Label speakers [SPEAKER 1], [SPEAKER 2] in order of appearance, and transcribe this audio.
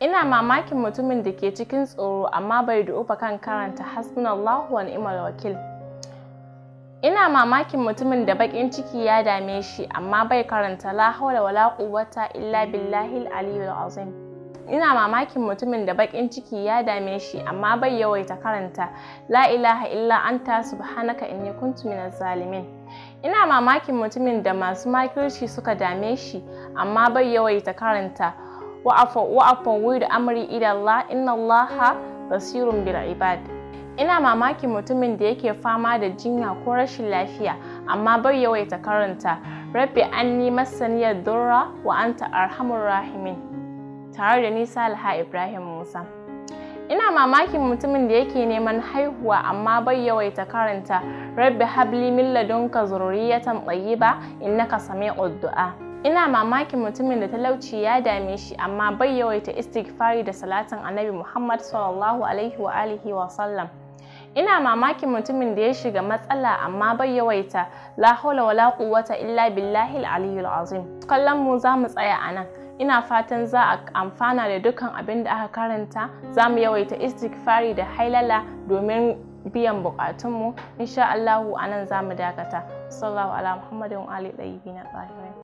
[SPEAKER 1] Ina mamakin mutumin da ke cikin tsoro amma bai da ufa kan karanta hasbunallahu wa ni'mal wakil. Ina mamakin mutumin da bakin ciki ya dame shi amma bai karanta la haula wala quwwata illa billahil aliyyil azim. Ina mamakin mutumin da bakin ciki ya dame shi amma bai yawaita karanta la ilaha illa anta subhanaka inni kuntu minaz zalimin. Ina mamakin mutumin da masu makirci suka dame shi amma bai yawaita karanta wa'afan wuyi da amri idallah inna allaha basirun bil ibad ina mamakin mutumin da yake fama da jinya ko rashin lafiya amma bai yawaita karanta rabbi anni masaniyar durra wa anta arhamur rahimin tare da ni alha ibrahim musa ina mamakin mutumin da yake neman haihuwa amma bai yawaita karanta rabbi habli min ladunka zurriyatan tayyiba innaka sami'ud du'a ina mamakin mutumin da talauci ya dame shi amma bai yawaita istighfari da salatin annabi muhammad sallallahu alaihi wa alihi wa sallam ina mamakin mutumin da ya shiga matsala amma bai yawaita la haula wala quwwata illa billahi aliyyul azim kallon mu za mu tsaya a nan ina fatan za a amfana da dukkan abin da aka karanta za mu yawaita istighfari da hailala domin biyan bukatunmu insha Allahu anan za mu dakata sallallahu ala muhammadin ali na